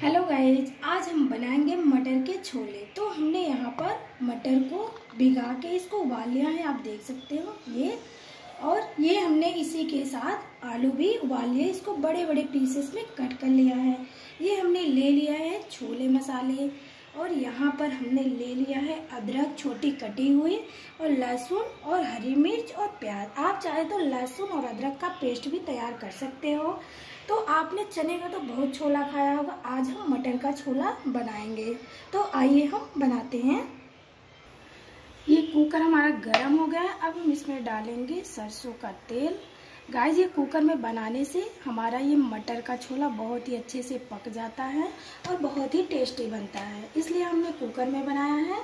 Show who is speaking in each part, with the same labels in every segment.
Speaker 1: hello guys आज हम बनाएंगे मटर के छोले तो हमने यहाँ पर मटर को भिगा के इसको उबाल लिया है आप देख सकते हो ये और ये हमने इसी के साथ आलू भी उबाल लिए इसको बड़े बड़े पीसेस में कट कर लिया है ये हमने ले लिया है छोले मसाले और यहाँ पर हमने ले लिया है अदरक छोटी कटी हुई और लहसुन और हरी मिर्च और प्याज आप चाहे तो लहसुन और अदरक का पेस्ट भी तैयार कर सकते हो तो आपने चने का तो बहुत छोला खाया होगा आज हम मटर का छोला बनाएंगे तो आइए हम बनाते हैं ये कुकर हमारा गर्म हो गया है अब हम इसमें डालेंगे सरसों का तेल गाय ये कुकर में बनाने से हमारा ये मटर का छोला बहुत ही अच्छे से पक जाता है और बहुत ही टेस्टी बनता है इसलिए हमने कुकर में बनाया है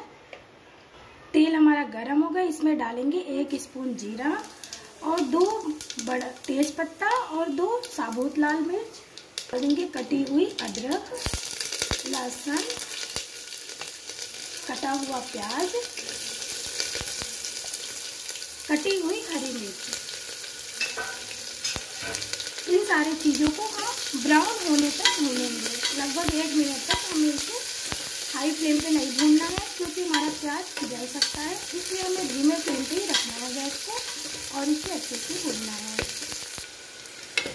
Speaker 1: तेल हमारा गर्म गया इसमें डालेंगे एक स्पून जीरा और दो बड़ा तेज पत्ता और दो साबुत लाल मिर्च डालेंगे कटी हुई अदरक लहसुन कटा हुआ प्याज कटी हुई हरी मिर्च इन सारी चीज़ों को हम ब्राउन होने तक भूनेंगे लगभग एक मिनट तक हमें इसे हाई फ्लेम पे नहीं भूनना है क्योंकि हमारा प्याज जल सकता है इसलिए हमें धीमे फ्लेम पे ही रखना है गैस को और इसे अच्छे से भूनना है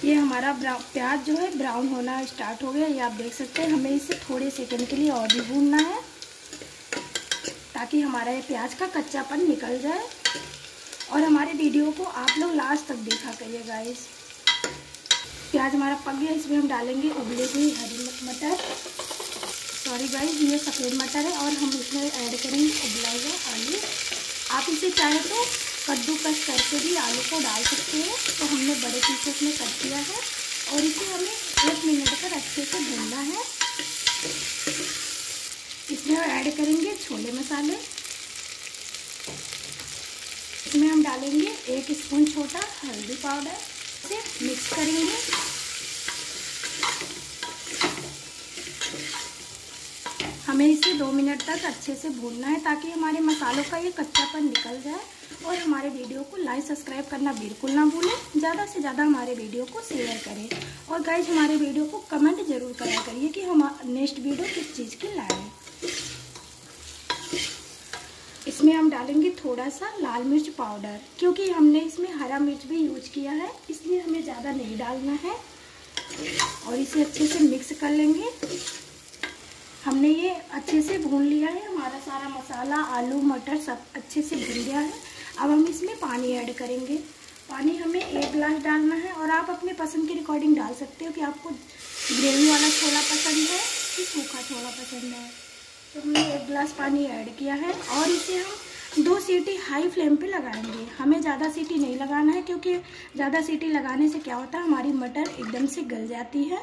Speaker 1: ये हमारा प्याज जो है ब्राउन होना स्टार्ट हो गया ये आप देख सकते हैं हमें इसे थोड़े सेकेंड के लिए और भी भूनना है ताकि हमारा ये प्याज का कच्चापन निकल जाए और हमारे वीडियो को आप लोग लास्ट तक देखा करिए गाइस प्याज हमारा पक गया इसमें हम डालेंगे उबले हुए हरी मटर सॉरी गाइस ये सफ़ेद मटर है और हम इसमें ऐड करेंगे उबला हुआ आलू आप इसे चाहे तो कद्दूकस करके भी आलू को डाल सकते हैं तो हमने बड़े पीसेस में कट किया है और इसे हमें एक मिनट तक अच्छे से भूनना है इसमें हम ऐड करेंगे छोले मसाले इसमें हम डालेंगे एक स्पून छोटा हल्दी पाउडर से मिक्स करेंगे हमें इसे दो मिनट तक अच्छे से भूनना है ताकि हमारे मसालों का ये कच्चापन निकल जाए और हमारे वीडियो को लाइक सब्सक्राइब करना बिल्कुल ना भूलें ज़्यादा से ज़्यादा हमारे वीडियो को शेयर करें और गाइज हमारे वीडियो को कमेंट जरूर करा करिए कि हम नेक्स्ट वीडियो किस चीज़ की लाएँ इसमें हम डालेंगे थोड़ा सा लाल मिर्च पाउडर क्योंकि हमने इसमें हरा मिर्च भी यूज किया है इसलिए हमें ज़्यादा नहीं डालना है और इसे अच्छे से मिक्स कर लेंगे हमने ये अच्छे से भून लिया है हमारा सारा मसाला आलू मटर सब अच्छे से भून गया है अब हम इसमें पानी ऐड करेंगे पानी हमें एक गिलास डालना है और आप अपने पसंद के अकॉर्डिंग डाल सकते हो कि आपको ग्रेवी वाला छोला पसंद है कि सूखा छोला पसंद है तो हमने एक गिलास पानी ऐड किया है और इसे हम दो सीटी हाई फ्लेम पे लगाएंगे हमें ज़्यादा सीटी नहीं लगाना है क्योंकि ज़्यादा सीटी लगाने से क्या होता है हमारी मटर एकदम से गल जाती है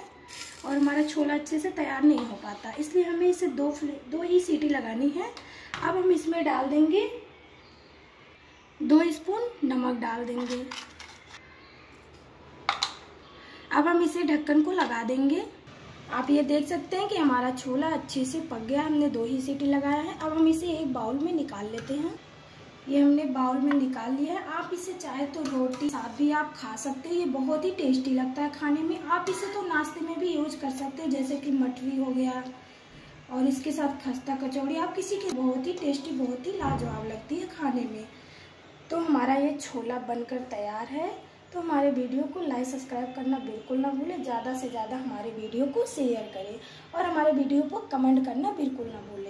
Speaker 1: और हमारा छोला अच्छे से तैयार नहीं हो पाता इसलिए हमें इसे दो दो ही सीटी लगानी है अब हम इसमें डाल देंगे दो स्पून नमक डाल देंगे अब हम इसे ढक्कन को लगा देंगे आप ये देख सकते हैं कि हमारा छोला अच्छे से पक गया हमने दो ही सीटी लगाया है अब हम इसे एक बाउल में निकाल लेते हैं ये हमने बाउल में निकाल लिया है आप इसे चाहे तो रोटी साथ भी आप खा सकते हैं ये बहुत ही टेस्टी लगता है खाने में आप इसे तो नाश्ते में भी यूज कर सकते हैं जैसे कि मठरी हो गया और इसके साथ खस्ता कचौड़ी आप किसी के बहुत ही टेस्टी बहुत ही लाजवाब लगती है खाने में तो हमारा ये छोला बनकर तैयार है तो हमारे वीडियो को लाइक सब्सक्राइब करना बिल्कुल ना भूलें ज़्यादा से ज़्यादा हमारे वीडियो को शेयर करें और हमारे वीडियो को कमेंट करना बिल्कुल ना भूलें